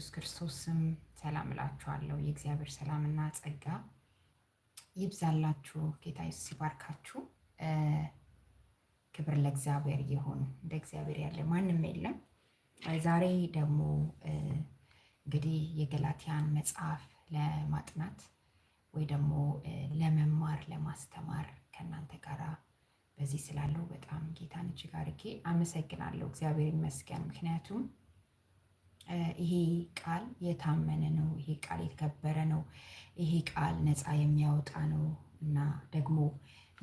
ኢየሱስ ክርስቶስ ስም ሰላም እላችኋለሁ። የእግዚአብሔር ሰላምና ጸጋ ይብዛላችሁ። ጌታ ኢየሱስ ይባርካችሁ። ክብር ለእግዚአብሔር ይሁን። እንደ እግዚአብሔር ያለ ማንም የለም። ዛሬ ደግሞ እንግዲህ የገላትያን መጽሐፍ ለማጥናት ወይ ደግሞ ለመማር ለማስተማር ከእናንተ ጋራ በዚህ ስላለው በጣም ጌታን እጅግ አድርጌ አመሰግናለሁ። እግዚአብሔር ይመስገን ምክንያቱም ይሄ ቃል የታመነ ነው፣ ይሄ ቃል የተከበረ ነው፣ ይሄ ቃል ነፃ የሚያወጣ ነው እና ደግሞ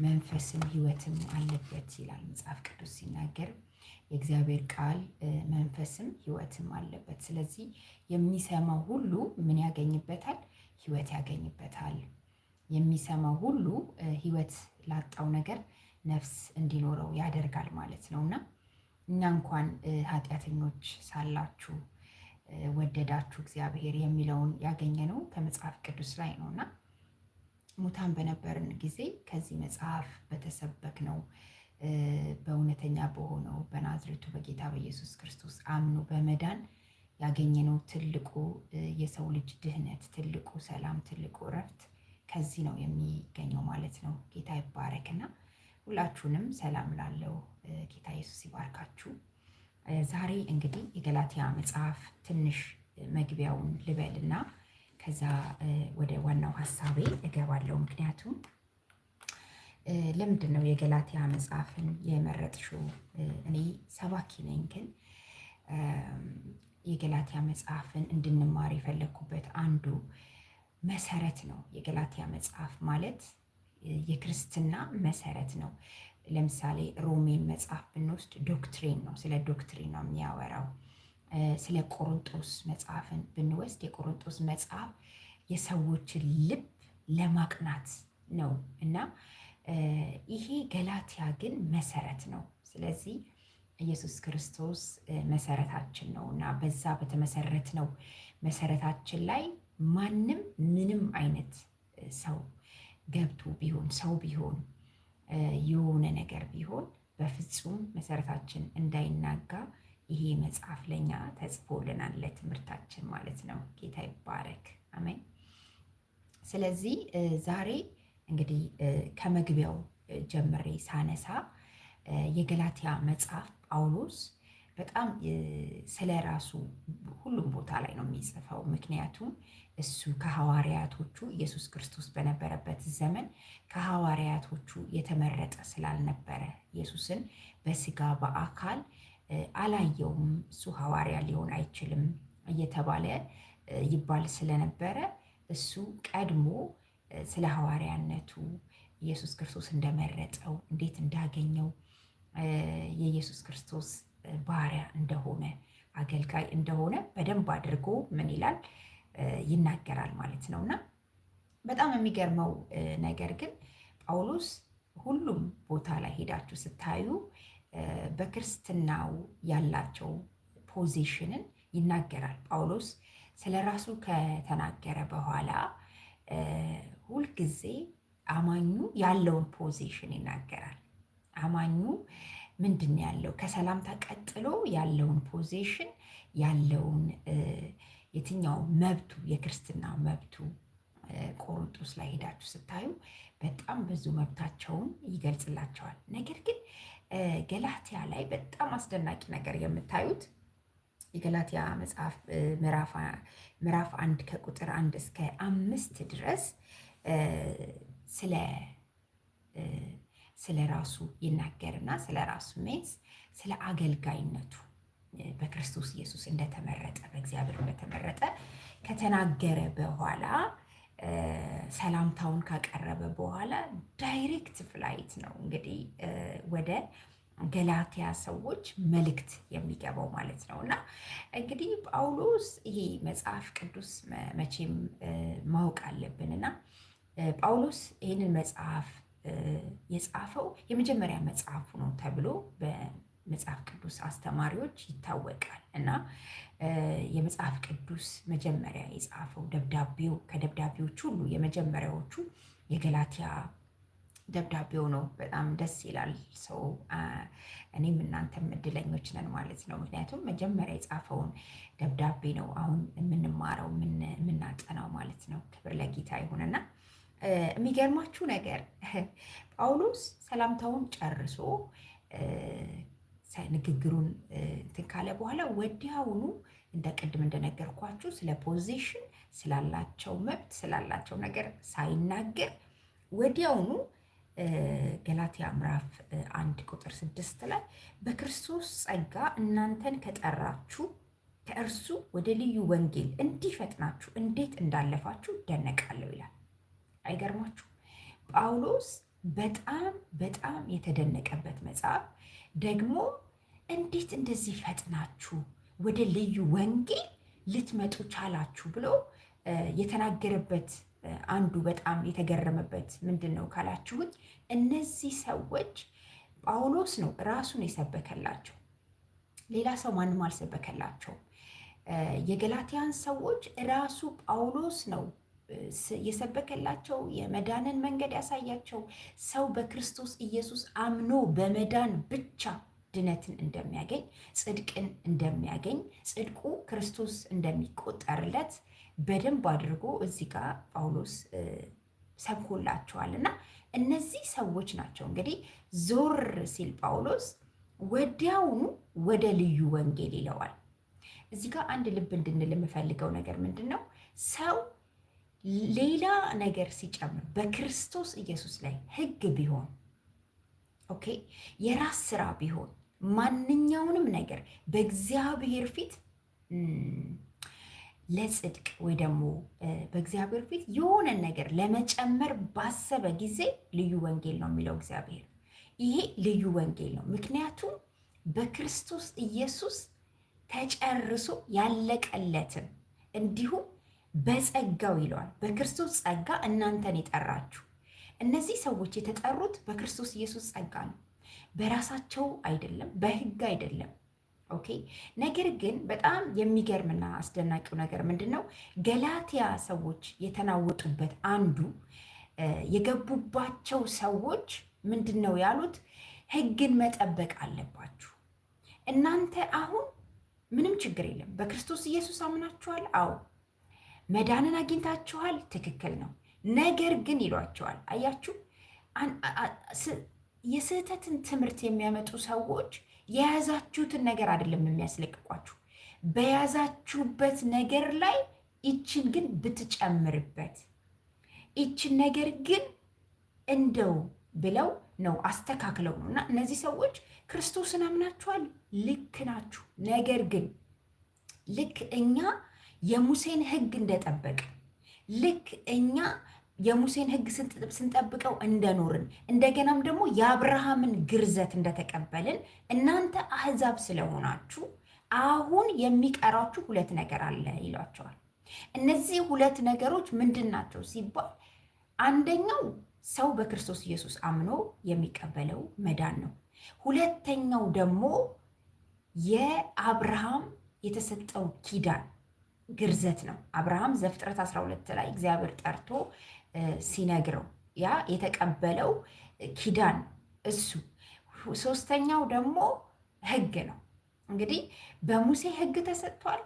መንፈስም ሕይወትም አለበት ይላል መጽሐፍ ቅዱስ ሲናገር የእግዚአብሔር ቃል መንፈስም ሕይወትም አለበት። ስለዚህ የሚሰማው ሁሉ ምን ያገኝበታል? ሕይወት ያገኝበታል። የሚሰማው ሁሉ ሕይወት ላጣው ነገር ነፍስ እንዲኖረው ያደርጋል ማለት ነው እና እና እንኳን ኃጢአተኞች ሳላችሁ ወደዳችሁ እግዚአብሔር የሚለውን ያገኘ ነው ከመጽሐፍ ቅዱስ ላይ ነው እና ሙታን በነበርን ጊዜ ከዚህ መጽሐፍ በተሰበክ ነው በእውነተኛ በሆነው በናዝሬቱ በጌታ በኢየሱስ ክርስቶስ አምኖ በመዳን ያገኘነው ትልቁ የሰው ልጅ ድህነት፣ ትልቁ ሰላም፣ ትልቁ እረፍት ከዚህ ነው የሚገኘው ማለት ነው። ጌታ ይባረክና ሁላችሁንም ሰላም ላለው ጌታ ኢየሱስ ይባርካችሁ። ዛሬ እንግዲህ የገላትያ መጽሐፍ ትንሽ መግቢያውን ልበል እና ከዛ ወደ ዋናው ሀሳቤ እገባለሁ። ምክንያቱም ለምንድን ነው የገላትያ መጽሐፍን የመረጥሽው? እኔ ሰባኪ ነኝ፣ ግን የገላትያ መጽሐፍን እንድንማር የፈለግኩበት አንዱ መሰረት ነው። የገላትያ መጽሐፍ ማለት የክርስትና መሰረት ነው። ለምሳሌ ሮሜን መጽሐፍ ብንወስድ ዶክትሪን ነው፣ ስለ ዶክትሪን ነው የሚያወራው። ስለ ቆሮንጦስ መጽሐፍን ብንወስድ የቆሮንጦስ መጽሐፍ የሰዎችን ልብ ለማቅናት ነው እና ይሄ ገላትያ ግን መሰረት ነው። ስለዚህ ኢየሱስ ክርስቶስ መሰረታችን ነው እና በዛ በተመሰረት ነው መሰረታችን ላይ ማንም ምንም አይነት ሰው ገብቶ ቢሆን ሰው ቢሆን የሆነ ነገር ቢሆን በፍጹም መሰረታችን እንዳይናጋ ይሄ መጽሐፍ ለኛ ተጽፎልናል፣ ለትምህርታችን ማለት ነው። ጌታ ይባረክ። አሜን። ስለዚህ ዛሬ እንግዲህ ከመግቢያው ጀምሬ ሳነሳ የገላትያ መጽሐፍ ጳውሎስ በጣም ስለ ራሱ ሁሉም ቦታ ላይ ነው የሚጽፈው። ምክንያቱም እሱ ከሐዋርያቶቹ ኢየሱስ ክርስቶስ በነበረበት ዘመን ከሐዋርያቶቹ የተመረጠ ስላልነበረ ኢየሱስን በስጋ በአካል አላየውም፣ እሱ ሐዋርያ ሊሆን አይችልም እየተባለ ይባል ስለነበረ እሱ ቀድሞ ስለ ሐዋርያነቱ ኢየሱስ ክርስቶስ እንደመረጠው እንዴት እንዳገኘው የኢየሱስ ክርስቶስ ባሪያ እንደሆነ አገልጋይ እንደሆነ በደንብ አድርጎ ምን ይላል ይናገራል ማለት ነው። እና በጣም የሚገርመው ነገር ግን ጳውሎስ ሁሉም ቦታ ላይ ሄዳችሁ ስታዩ በክርስትናው ያላቸው ፖዚሽንን ይናገራል። ጳውሎስ ስለ ራሱ ከተናገረ በኋላ ሁልጊዜ አማኙ ያለውን ፖዚሽን ይናገራል። አማኙ ምንድን ያለው? ከሰላምታ ቀጥሎ ያለውን ፖዚሽን ያለውን የትኛው መብቱ የክርስትና መብቱ ቆሮንጦስ ላይ ሄዳችሁ ስታዩ በጣም ብዙ መብታቸውን ይገልጽላቸዋል። ነገር ግን ገላትያ ላይ በጣም አስደናቂ ነገር የምታዩት የገላትያ መጽሐፍ ምዕራፍ አንድ ከቁጥር አንድ እስከ አምስት ድረስ ስለ ስለ ራሱ ይናገርና ስለ ራሱ ሜንስ ስለ አገልጋይነቱ በክርስቶስ ኢየሱስ እንደተመረጠ በእግዚአብሔር እንደተመረጠ ከተናገረ በኋላ ሰላምታውን ካቀረበ በኋላ ዳይሬክት ፍላይት ነው እንግዲህ ወደ ገላትያ ሰዎች መልእክት የሚገባው ማለት ነው። እና እንግዲህ ጳውሎስ ይሄ መጽሐፍ ቅዱስ መቼም ማወቅ አለብንና ጳውሎስ ይህንን መጽሐፍ የጻፈው የመጀመሪያ መጽሐፉ ነው ተብሎ በመጽሐፍ ቅዱስ አስተማሪዎች ይታወቃል እና የመጽሐፍ ቅዱስ መጀመሪያ የጻፈው ደብዳቤው ከደብዳቤዎች ሁሉ የመጀመሪያዎቹ የገላትያ ደብዳቤው ነው። በጣም ደስ ይላል። ሰው እኔም እናንተም እድለኞች ነን ማለት ነው። ምክንያቱም መጀመሪያ የጻፈውን ደብዳቤ ነው አሁን የምንማረው የምናጠናው ማለት ነው። ክብር ለጌታ ይሁንና የሚገርማችሁ ነገር ጳውሎስ ሰላምታውን ጨርሶ ንግግሩን እንትን ካለ በኋላ ወዲያውኑ እንደ ቅድም እንደነገርኳችሁ ስለ ፖዚሽን ስላላቸው መብት ስላላቸው ነገር ሳይናገር ወዲያውኑ ገላትያ ምዕራፍ አንድ ቁጥር ስድስት ላይ በክርስቶስ ጸጋ እናንተን ከጠራችሁ ከእርሱ ወደ ልዩ ወንጌል እንዲፈጥናችሁ እንዴት እንዳለፋችሁ ደነቃለሁ ይላል። አይገርማችሁ? ጳውሎስ በጣም በጣም የተደነቀበት መጽሐፍ ደግሞ እንዴት እንደዚህ ፈጥናችሁ ወደ ልዩ ወንጌል ልትመጡ ቻላችሁ ብሎ የተናገረበት አንዱ በጣም የተገረመበት ምንድን ነው ካላችሁኝ፣ እነዚህ ሰዎች ጳውሎስ ነው ራሱን የሰበከላቸው። ሌላ ሰው ማንም አልሰበከላቸውም። የገላትያን ሰዎች ራሱ ጳውሎስ ነው የሰበከላቸው የመዳንን መንገድ ያሳያቸው ሰው በክርስቶስ ኢየሱስ አምኖ በመዳን ብቻ ድነትን እንደሚያገኝ ጽድቅን እንደሚያገኝ ጽድቁ ክርስቶስ እንደሚቆጠርለት በደንብ አድርጎ እዚህ ጋር ጳውሎስ ሰብኮላቸዋል እና እነዚህ ሰዎች ናቸው እንግዲህ ዞር ሲል ጳውሎስ ወዲያውኑ ወደ ልዩ ወንጌል ይለዋል። እዚህ ጋር አንድ ልብ እንድንል የምፈልገው ነገር ምንድን ነው? ሰው ሌላ ነገር ሲጨምር በክርስቶስ ኢየሱስ ላይ ህግ ቢሆን ኦኬ፣ የራስ ስራ ቢሆን ማንኛውንም ነገር በእግዚአብሔር ፊት ለጽድቅ ወይ ደግሞ በእግዚአብሔር ፊት የሆነን ነገር ለመጨመር ባሰበ ጊዜ ልዩ ወንጌል ነው የሚለው እግዚአብሔር። ይሄ ልዩ ወንጌል ነው። ምክንያቱም በክርስቶስ ኢየሱስ ተጨርሶ ያለቀለትን እንዲሁም በጸጋው ይለዋል። በክርስቶስ ጸጋ እናንተን የጠራችሁ እነዚህ ሰዎች የተጠሩት በክርስቶስ ኢየሱስ ጸጋ ነው። በራሳቸው አይደለም፣ በህግ አይደለም። ኦኬ። ነገር ግን በጣም የሚገርምና አስደናቂው ነገር ምንድን ነው? ገላትያ ሰዎች የተናወጡበት አንዱ የገቡባቸው ሰዎች ምንድን ነው ያሉት? ህግን መጠበቅ አለባችሁ። እናንተ አሁን ምንም ችግር የለም፣ በክርስቶስ ኢየሱስ አምናችኋል። አዎ መዳንን አግኝታችኋል፣ ትክክል ነው። ነገር ግን ይሏቸዋል። አያችሁ፣ የስህተትን ትምህርት የሚያመጡ ሰዎች የያዛችሁትን ነገር አይደለም የሚያስለቅቋችሁ፣ በያዛችሁበት ነገር ላይ ይችን ግን ብትጨምርበት፣ ይችን ነገር ግን እንደው ብለው ነው አስተካክለው ነው። እና እነዚህ ሰዎች ክርስቶስን አምናችኋል፣ ልክ ናችሁ። ነገር ግን ልክ እኛ የሙሴን ህግ እንደጠበቀ ልክ እኛ የሙሴን ህግ ስንጠብቀው እንደኖርን እንደገናም ደግሞ የአብርሃምን ግርዘት እንደተቀበልን እናንተ አህዛብ ስለሆናችሁ አሁን የሚቀራችሁ ሁለት ነገር አለ ይሏቸዋል። እነዚህ ሁለት ነገሮች ምንድን ናቸው ሲባል አንደኛው ሰው በክርስቶስ ኢየሱስ አምኖ የሚቀበለው መዳን ነው። ሁለተኛው ደግሞ የአብርሃም የተሰጠው ኪዳን ግርዘት ነው። አብርሃም ዘፍጥረት 12 ላይ እግዚአብሔር ጠርቶ ሲነግረው ያ የተቀበለው ኪዳን እሱ። ሶስተኛው ደግሞ ህግ ነው። እንግዲህ በሙሴ ህግ ተሰጥቷል።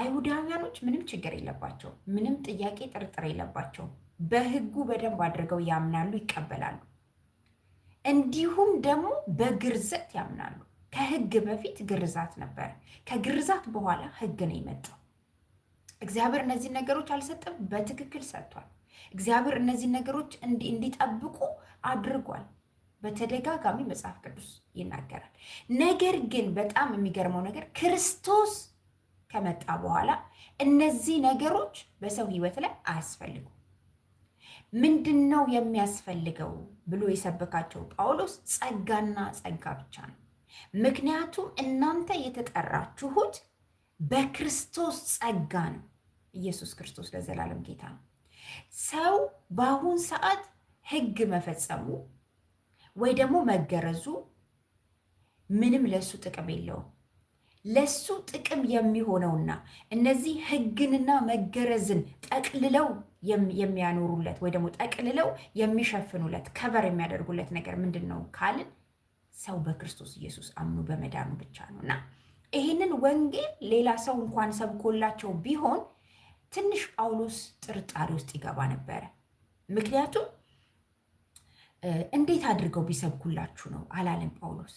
አይሁዳውያኖች ምንም ችግር የለባቸውም፣ ምንም ጥያቄ ጥርጥር የለባቸውም። በህጉ በደንብ አድርገው ያምናሉ፣ ይቀበላሉ። እንዲሁም ደግሞ በግርዘት ያምናሉ። ከህግ በፊት ግርዛት ነበር፣ ከግርዛት በኋላ ህግ ነው የመጣው። እግዚአብሔር እነዚህን ነገሮች አልሰጠም፣ በትክክል ሰጥቷል። እግዚአብሔር እነዚህን ነገሮች እንዲጠብቁ አድርጓል። በተደጋጋሚ መጽሐፍ ቅዱስ ይናገራል። ነገር ግን በጣም የሚገርመው ነገር ክርስቶስ ከመጣ በኋላ እነዚህ ነገሮች በሰው ሕይወት ላይ አያስፈልጉም። ምንድን ነው የሚያስፈልገው ብሎ የሰበካቸው ጳውሎስ ጸጋና ጸጋ ብቻ ነው። ምክንያቱም እናንተ የተጠራችሁት በክርስቶስ ጸጋ ነው። ኢየሱስ ክርስቶስ ለዘላለም ጌታ ነው። ሰው በአሁን ሰዓት ህግ መፈጸሙ ወይ ደግሞ መገረዙ ምንም ለሱ ጥቅም የለውም። ለሱ ጥቅም የሚሆነውና እነዚህ ህግንና መገረዝን ጠቅልለው የሚያኖሩለት ወይ ደግሞ ጠቅልለው የሚሸፍኑለት ከበር የሚያደርጉለት ነገር ምንድን ነው ካልን ሰው በክርስቶስ ኢየሱስ አምኖ በመዳኑ ብቻ ነው እና ይህንን ወንጌል ሌላ ሰው እንኳን ሰብኮላቸው ቢሆን ትንሽ ጳውሎስ ጥርጣሬ ውስጥ ይገባ ነበረ። ምክንያቱም እንዴት አድርገው ቢሰብኩላችሁ ነው አላለም ጳውሎስ።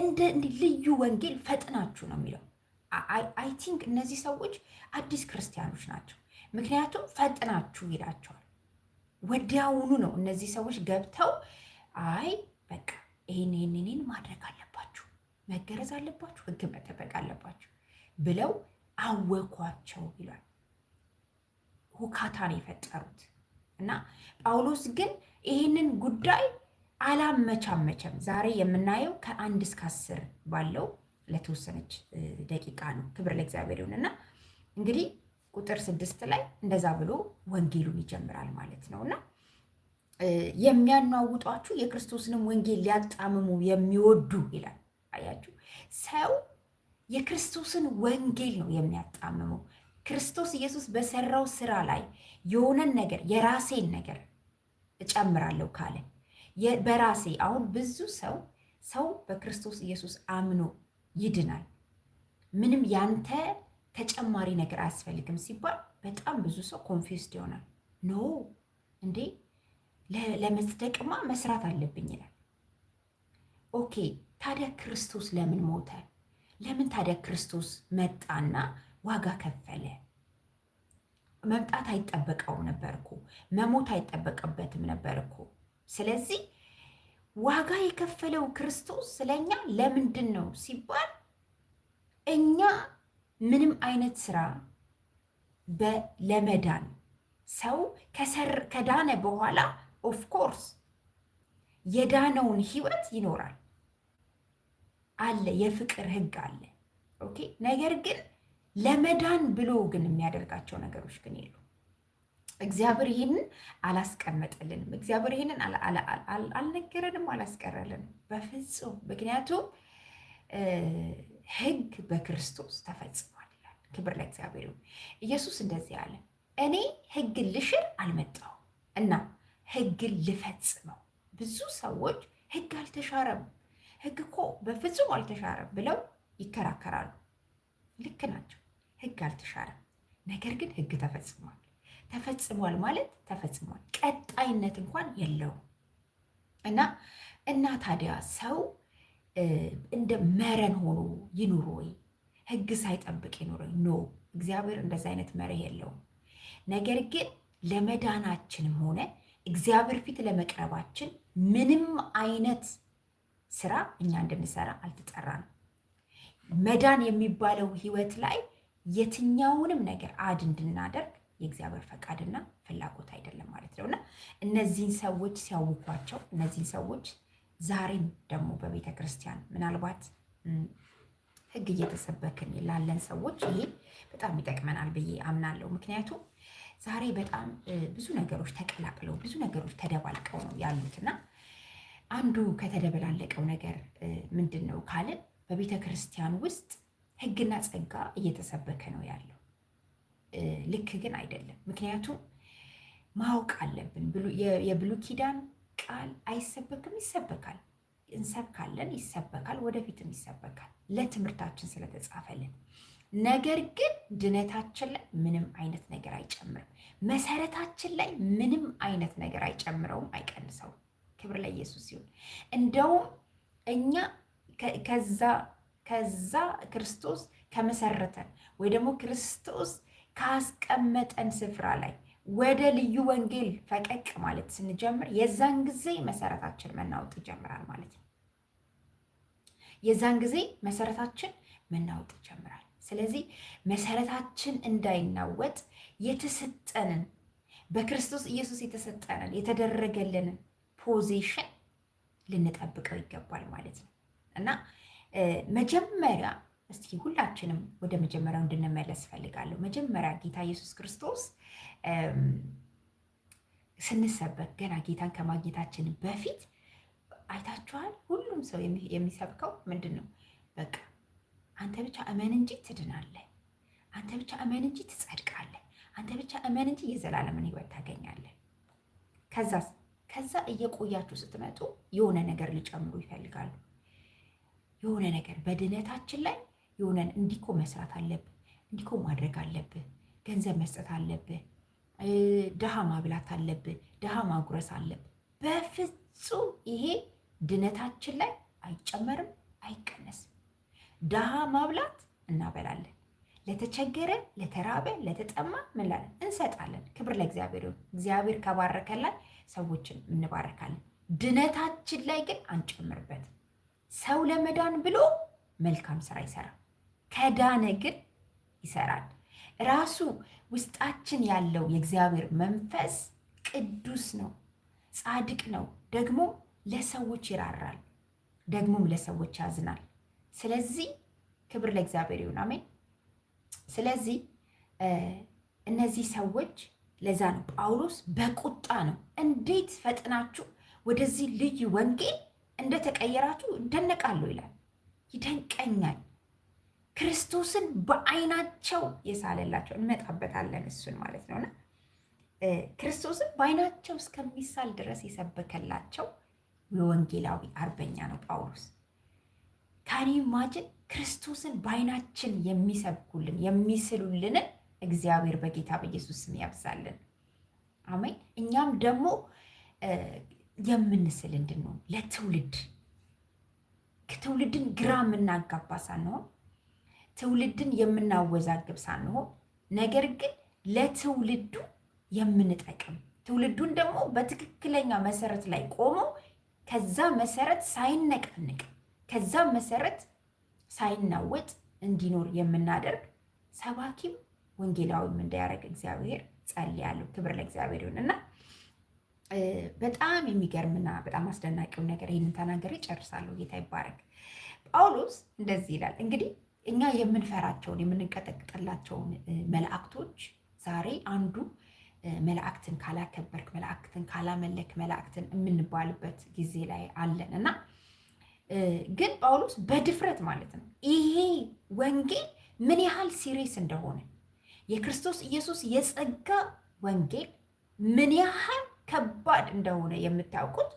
እንደ ልዩ ወንጌል ፈጥናችሁ ነው የሚለው። አይ ቲንክ እነዚህ ሰዎች አዲስ ክርስቲያኖች ናቸው። ምክንያቱም ፈጥናችሁ ይላቸዋል። ወዲያውኑ ነው እነዚህ ሰዎች ገብተው አይ በቃ ይህን ይህንን ማድረግ አለባችሁ፣ መገረዝ አለባችሁ፣ ህግ መጠበቅ አለባችሁ ብለው አወኳቸው ይሏል። ሁካታን የፈጠሩት እና ጳውሎስ ግን ይህንን ጉዳይ አላመቻመቸም። ዛሬ የምናየው ከአንድ እስከ አስር ባለው ለተወሰነች ደቂቃ ነው። ክብር ለእግዚአብሔር ይሁንና እንግዲህ ቁጥር ስድስት ላይ እንደዛ ብሎ ወንጌሉን ይጀምራል ማለት ነው እና የሚያናውጧችሁ የክርስቶስንም ወንጌል ሊያጣምሙ የሚወዱ ይላል። አያችሁ፣ ሰው የክርስቶስን ወንጌል ነው የሚያጣምመው። ክርስቶስ ኢየሱስ በሰራው ስራ ላይ የሆነን ነገር የራሴን ነገር እጨምራለሁ ካለ በራሴ አሁን ብዙ ሰው ሰው በክርስቶስ ኢየሱስ አምኖ ይድናል። ምንም ያንተ ተጨማሪ ነገር አያስፈልግም ሲባል በጣም ብዙ ሰው ኮንፊውስድ ይሆናል። ኖ እንዴ ለመጽደቅማ መስራት አለብኝ ይላል። ኦኬ ታዲያ ክርስቶስ ለምን ሞተ? ለምን ታዲያ ክርስቶስ መጣና ዋጋ ከፈለ። መምጣት አይጠበቀው ነበር እኮ መሞት አይጠበቅበትም ነበር እኮ። ስለዚህ ዋጋ የከፈለው ክርስቶስ ስለኛ ለምንድን ነው ሲባል እኛ ምንም አይነት ስራ ለመዳን ሰው ከዳነ በኋላ ኦፍኮርስ የዳነውን ህይወት ይኖራል አለ የፍቅር ህግ አለ። ኦኬ ነገር ግን ለመዳን ብሎ ግን የሚያደርጋቸው ነገሮች ግን የሉ። እግዚአብሔር ይህንን አላስቀመጠልንም። እግዚአብሔር ይህንን አልነገረንም፣ አላስቀረልንም በፍጹም። ምክንያቱም ሕግ በክርስቶስ ተፈጽሟል ይላል። ክብር ለእግዚአብሔር። ኢየሱስ እንደዚህ አለ፣ እኔ ሕግን ልሽር አልመጣሁም እና ሕግን ልፈጽመው። ብዙ ሰዎች ሕግ አልተሻረም፣ ሕግ እኮ በፍጹም አልተሻረም ብለው ይከራከራሉ። ልክ ናቸው። ህግ አልተሻረም። ነገር ግን ህግ ተፈጽሟል። ተፈጽሟል ማለት ተፈጽሟል፣ ቀጣይነት እንኳን የለውም እና እና ታዲያ ሰው እንደ መረን ሆኖ ይኑር ወይ? ህግ ሳይጠብቅ ይኑር? ኖ እግዚአብሔር እንደዛ አይነት መርህ የለውም። ነገር ግን ለመዳናችንም ሆነ እግዚአብሔር ፊት ለመቅረባችን ምንም አይነት ስራ እኛ እንድንሰራ አልተጠራንም። መዳን የሚባለው ህይወት ላይ የትኛውንም ነገር አድ እንድናደርግ የእግዚአብሔር ፈቃድና ፍላጎት አይደለም ማለት ነው እና እነዚህን ሰዎች ሲያውቋቸው እነዚህን ሰዎች ዛሬም ደግሞ በቤተ ክርስቲያን ምናልባት ሕግ እየተሰበክን ላለን ሰዎች ይሄ በጣም ይጠቅመናል ብዬ አምናለሁ። ምክንያቱም ዛሬ በጣም ብዙ ነገሮች ተቀላቅለው ብዙ ነገሮች ተደባልቀው ነው እና አንዱ ከተደበላለቀው ነገር ምንድን ነው ካልን በቤተ ክርስቲያን ውስጥ ህግና ጸጋ እየተሰበከ ነው ያለው። ልክ ግን አይደለም። ምክንያቱም ማወቅ አለብን። የብሉይ ኪዳን ቃል አይሰበክም? ይሰበካል። እንሰብካለን፣ ይሰበካል፣ ወደፊትም ይሰበካል። ለትምህርታችን ስለተጻፈልን ነገር ግን ድነታችን ላይ ምንም አይነት ነገር አይጨምርም። መሰረታችን ላይ ምንም አይነት ነገር አይጨምረውም፣ አይቀንሰውም። ክብር ላይ ኢየሱስ ሲሆን እንደውም እኛ ከዛ ከዛ ክርስቶስ ከመሰረተን ወይ ደግሞ ክርስቶስ ካስቀመጠን ስፍራ ላይ ወደ ልዩ ወንጌል ፈቀቅ ማለት ስንጀምር የዛን ጊዜ መሰረታችን መናወጥ ይጀምራል ማለት ነው። የዛን ጊዜ መሰረታችን መናወጥ ይጀምራል። ስለዚህ መሰረታችን እንዳይናወጥ የተሰጠንን በክርስቶስ ኢየሱስ የተሰጠንን የተደረገልንን ፖዚሽን ልንጠብቀው ይገባል ማለት ነው እና መጀመሪያ እስኪ ሁላችንም ወደ መጀመሪያው እንድንመለስ እፈልጋለሁ። መጀመሪያ ጌታ ኢየሱስ ክርስቶስ ስንሰበክ ገና ጌታን ከማግኘታችን በፊት አይታችኋል። ሁሉም ሰው የሚሰብከው ምንድን ነው? በቃ አንተ ብቻ እመን እንጂ ትድናለህ፣ አንተ ብቻ እመን እንጂ ትጸድቃለህ፣ አንተ ብቻ እመን እንጂ የዘላለምን ሕይወት ታገኛለህ። ከዛ ከዛ እየቆያችሁ ስትመጡ የሆነ ነገር ሊጨምሩ ይፈልጋሉ። የሆነ ነገር በድነታችን ላይ የሆነን እንዲኮ መስራት አለብህ፣ እንዲኮ ማድረግ አለብህ፣ ገንዘብ መስጠት አለብህ፣ ድሃ ማብላት አለብህ፣ ድሃ ማጉረስ አለብህ። በፍጹም ይሄ ድነታችን ላይ አይጨመርም፣ አይቀነስም። ድሃ ማብላት እናበላለን ለተቸገረ ለተራበ ለተጠማ ምንላለን እንሰጣለን። ክብር ለእግዚአብሔር ይሁን። እግዚአብሔር ከባረከላን ሰዎችን እንባረካለን። ድነታችን ላይ ግን አንጨምርበት። ሰው ለመዳን ብሎ መልካም ስራ ይሰራል። ከዳነ ግን ይሰራል። ራሱ ውስጣችን ያለው የእግዚአብሔር መንፈስ ቅዱስ ነው፣ ጻድቅ ነው፣ ደግሞ ለሰዎች ይራራል፣ ደግሞም ለሰዎች ያዝናል። ስለዚህ ክብር ለእግዚአብሔር ይሁን፣ አሜን። ስለዚህ እነዚህ ሰዎች ለዛ ነው ጳውሎስ በቁጣ ነው እንዴት ፈጥናችሁ ወደዚህ ልዩ ወንጌል እንደተቀየራችሁ እደነቃለሁ ይላል። ይደንቀኛል። ክርስቶስን በአይናቸው የሳለላቸው እንመጣበታለን። እሱን ማለት ነውና ክርስቶስን በአይናቸው እስከሚሳል ድረስ የሰበከላቸው የወንጌላዊ አርበኛ ነው ጳውሎስ። ካኒ ማጅን ክርስቶስን በአይናችን የሚሰብኩልን የሚስሉልንን እግዚአብሔር በጌታ በኢየሱስ ስም ያብዛልን። አሜን። እኛም ደግሞ የምንስል እንድንሆን ለትውልድ ትውልድን ግራ የምናጋባ ሳንሆን ትውልድን የምናወዛግብ ሳንሆን ነገር ግን ለትውልዱ የምንጠቅም ትውልዱን ደግሞ በትክክለኛ መሰረት ላይ ቆሞ ከዛ መሰረት ሳይነቃንቅ ከዛ መሰረት ሳይናወጥ እንዲኖር የምናደርግ ሰባኪም ወንጌላዊም እንዳያደርግ እግዚአብሔር ጸልያለሁ። ክብር ለእግዚአብሔር ይሁንና በጣም የሚገርምና በጣም አስደናቂው ነገር ይህንን ተናገሬ ጨርሳለሁ። ጌታ ይባረክ። ጳውሎስ እንደዚህ ይላል እንግዲህ እኛ የምንፈራቸውን የምንቀጠቅጥላቸውን መላእክቶች ዛሬ አንዱ መላእክትን ካላከበርክ፣ መላእክትን ካላመለክ፣ መላእክትን የምንባልበት ጊዜ ላይ አለን እና ግን ጳውሎስ በድፍረት ማለት ነው ይሄ ወንጌል ምን ያህል ሲሪየስ እንደሆነ የክርስቶስ ኢየሱስ የጸጋ ወንጌል ምን ያህል ከባድ እንደሆነ የምታውቁት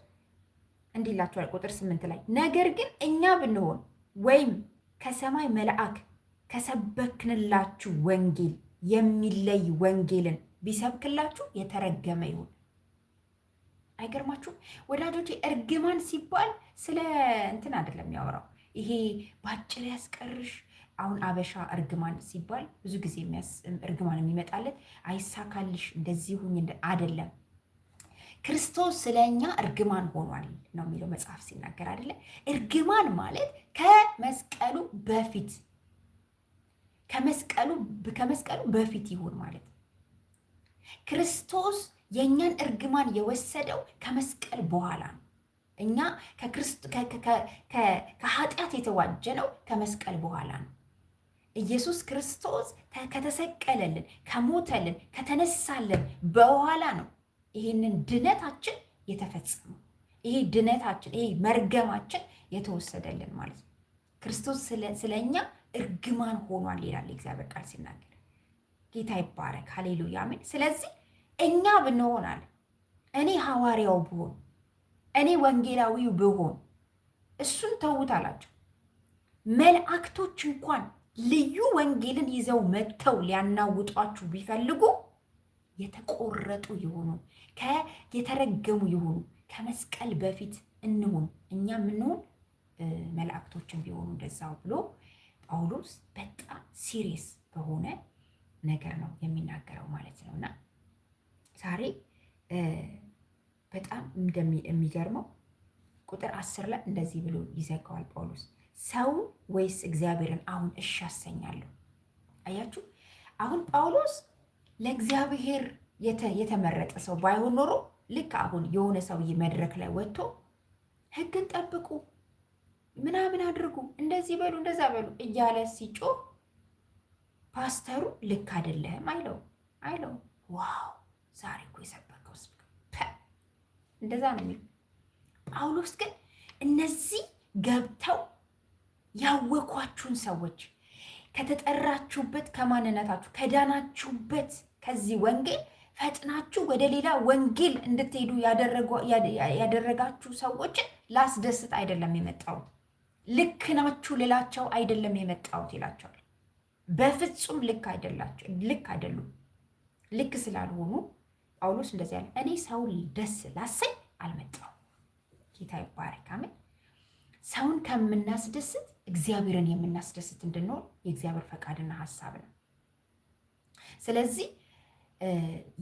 እንዲህ ላችኋል ቁጥር ስምንት ላይ ነገር ግን እኛ ብንሆን ወይም ከሰማይ መልአክ ከሰበክንላችሁ ወንጌል የሚለይ ወንጌልን ቢሰብክላችሁ የተረገመ ይሁን። አይገርማችሁም ወዳጆቼ? እርግማን ሲባል ስለ እንትን አይደለም ያወራው። ይሄ በአጭር ያስቀርሽ። አሁን አበሻ እርግማን ሲባል ብዙ ጊዜ እርግማን የሚመጣለት አይሳካልሽ፣ እንደዚህ ሁኝ አይደለም ክርስቶስ ስለኛ እርግማን ሆኗል ነው የሚለው መጽሐፍ ሲናገር አይደለ? እርግማን ማለት ከመስቀሉ በፊት ከመስቀሉ ከመስቀሉ በፊት ይሁን ማለት ክርስቶስ የእኛን እርግማን የወሰደው ከመስቀል በኋላ ነው። እኛ ከኃጢአት የተዋጀ ነው ከመስቀል በኋላ ነው። ኢየሱስ ክርስቶስ ከተሰቀለልን ከሞተልን ከተነሳልን በኋላ ነው ይህንን ድነታችን የተፈጸመው ይሄ ድነታችን ይሄ መርገማችን የተወሰደልን ማለት ነው። ክርስቶስ ስለኛ እርግማን ሆኗል ይላል እግዚአብሔር ቃል ሲናገር። ጌታ ይባረክ፣ ሀሌሉያ አሜን። ስለዚህ እኛ ብንሆናል እኔ ሐዋርያው ብሆን እኔ ወንጌላዊው ብሆን እሱን ተዉት አላቸው። መላእክቶች እንኳን ልዩ ወንጌልን ይዘው መጥተው ሊያናውጧችሁ ቢፈልጉ የተቆረጡ የሆኑ የተረገሙ የሆኑ ከመስቀል በፊት እንሆን እኛ የምንሆን መላእክቶችን ቢሆኑ እንደዛው ብሎ ጳውሎስ በጣም ሲሪየስ በሆነ ነገር ነው የሚናገረው ማለት ነው። እና ዛሬ በጣም የሚገርመው ቁጥር አስር ላይ እንደዚህ ብሎ ይዘጋዋል ጳውሎስ ሰው ወይስ እግዚአብሔርን አሁን እሺ አሰኛለሁ። አያችሁ አሁን ጳውሎስ ለእግዚአብሔር የተመረጠ ሰው ባይሆን ኖሮ ልክ አሁን የሆነ ሰውዬ መድረክ ላይ ወጥቶ ህግን ጠብቁ ምናምን አድርጉ እንደዚህ በሉ እንደዛ በሉ እያለ ሲጮ ፓስተሩ ልክ አይደለህም አይለው አይለው። ዋው ዛሬ እኮ የሰበከው እንደዛ ነው የሚል ጳውሎስ ግን እነዚህ ገብተው ያወኳችሁን ሰዎች ከተጠራችሁበት ከማንነታችሁ ከዳናችሁበት ከዚህ ወንጌል ፈጥናችሁ ወደ ሌላ ወንጌል እንድትሄዱ ያደረጋችሁ ሰዎችን ላስደስት አይደለም የመጣው ልክ ናችሁ ልላቸው አይደለም የመጣሁት ይላቸዋል። በፍጹም ልክ አይደላቸው ልክ አይደሉም። ልክ ስላልሆኑ ጳውሎስ እንደዚህ ያለ እኔ ሰውን ደስ ላሰኝ አልመጣሁም። ጌታ ይባረክ። አሜን። ሰውን ከምናስደስት እግዚአብሔርን የምናስደስት እንድንሆን የእግዚአብሔር ፈቃድና ሀሳብ ነው። ስለዚህ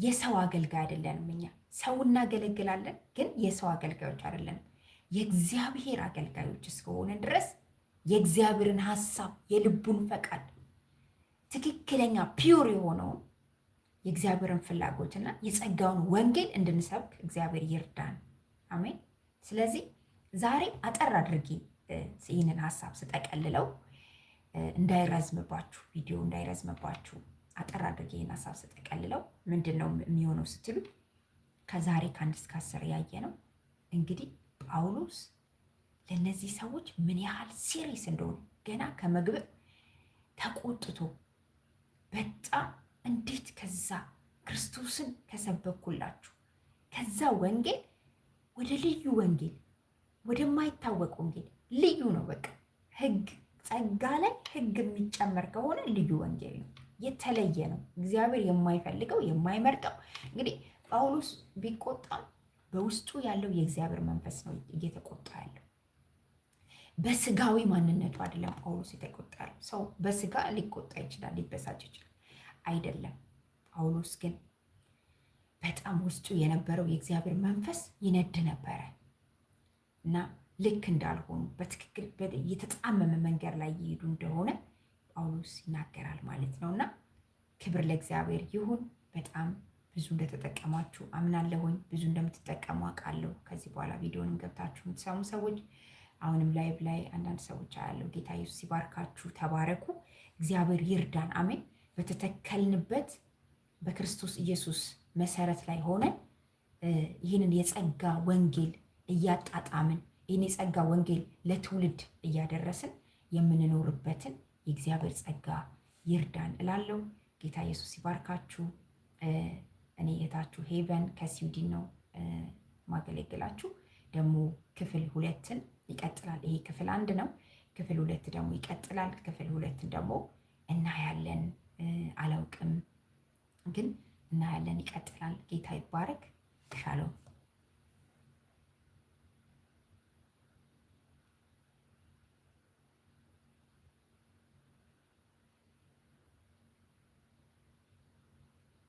የሰው አገልጋይ አይደለንም። እኛ ሰው እናገለግላለን፣ ግን የሰው አገልጋዮች አይደለንም። የእግዚአብሔር አገልጋዮች እስከሆነን ድረስ የእግዚአብሔርን ሀሳብ የልቡን ፈቃድ ትክክለኛ ፒውር የሆነውን የእግዚአብሔርን ፍላጎትና የጸጋውን ወንጌል እንድንሰብክ እግዚአብሔር ይርዳን። አሜን። ስለዚህ ዛሬ አጠር አድርጌ ይህንን ሀሳብ ስጠቀልለው እንዳይረዝምባችሁ ቪዲዮ እንዳይረዝምባችሁ አጠር አድርጌ ይህን ሀሳብ ስጠቀልለው ምንድን ነው የሚሆነው ስትሉ ከዛሬ ከአንድ እስከ አስር ያየ ነው እንግዲህ ጳውሎስ ለእነዚህ ሰዎች ምን ያህል ሲሪየስ እንደሆነ ገና ከመግብ ተቆጥቶ በጣም እንዴት ከዛ ክርስቶስን ከሰበኩላችሁ ከዛ ወንጌል ወደ ልዩ ወንጌል ወደማይታወቅ ወንጌል ልዩ ነው። በቃ ህግ ጸጋ ላይ ህግ የሚጨመር ከሆነ ልዩ ወንጌል ነው። የተለየ ነው። እግዚአብሔር የማይፈልገው የማይመርጠው እንግዲህ ጳውሎስ ቢቆጣም በውስጡ ያለው የእግዚአብሔር መንፈስ ነው እየተቆጣ ያለው። በስጋዊ ማንነቱ አይደለም ጳውሎስ የተቆጣ ያለው። ሰው በስጋ ሊቆጣ ይችላል፣ ሊበሳጭ ይችላል። አይደለም ጳውሎስ ግን በጣም ውስጡ የነበረው የእግዚአብሔር መንፈስ ይነድ ነበረ እና ልክ እንዳልሆኑ በትክክል የተጣመመ መንገድ ላይ ይሄዱ እንደሆነ ጳውሎስ ይናገራል ማለት ነው። እና ክብር ለእግዚአብሔር ይሁን። በጣም ብዙ እንደተጠቀማችሁ አምናለሁኝ። ብዙ እንደምትጠቀሙ አውቃለሁ። ከዚህ በኋላ ቪዲዮንም ገብታችሁ የምትሰሙ ሰዎች አሁንም ላይቭ ላይ አንዳንድ ሰዎች አያለሁ። ጌታ ኢየሱስ ሲባርካችሁ ተባረኩ። እግዚአብሔር ይርዳን። አሜን። በተተከልንበት በክርስቶስ ኢየሱስ መሰረት ላይ ሆነን ይህንን የጸጋ ወንጌል እያጣጣምን ይህን የጸጋ ወንጌል ለትውልድ እያደረስን የምንኖርበትን የእግዚአብሔር ጸጋ ይርዳን እላለሁ። ጌታ ኢየሱስ ይባርካችሁ። እኔ እህታችሁ ሄቨን ከስዊድን ነው ማገለግላችሁ። ደግሞ ክፍል ሁለትን ይቀጥላል። ይሄ ክፍል አንድ ነው። ክፍል ሁለት ደግሞ ይቀጥላል። ክፍል ሁለትን ደግሞ እናያለን። አላውቅም ግን እናያለን። ይቀጥላል። ጌታ ይባረክ። ሻሎም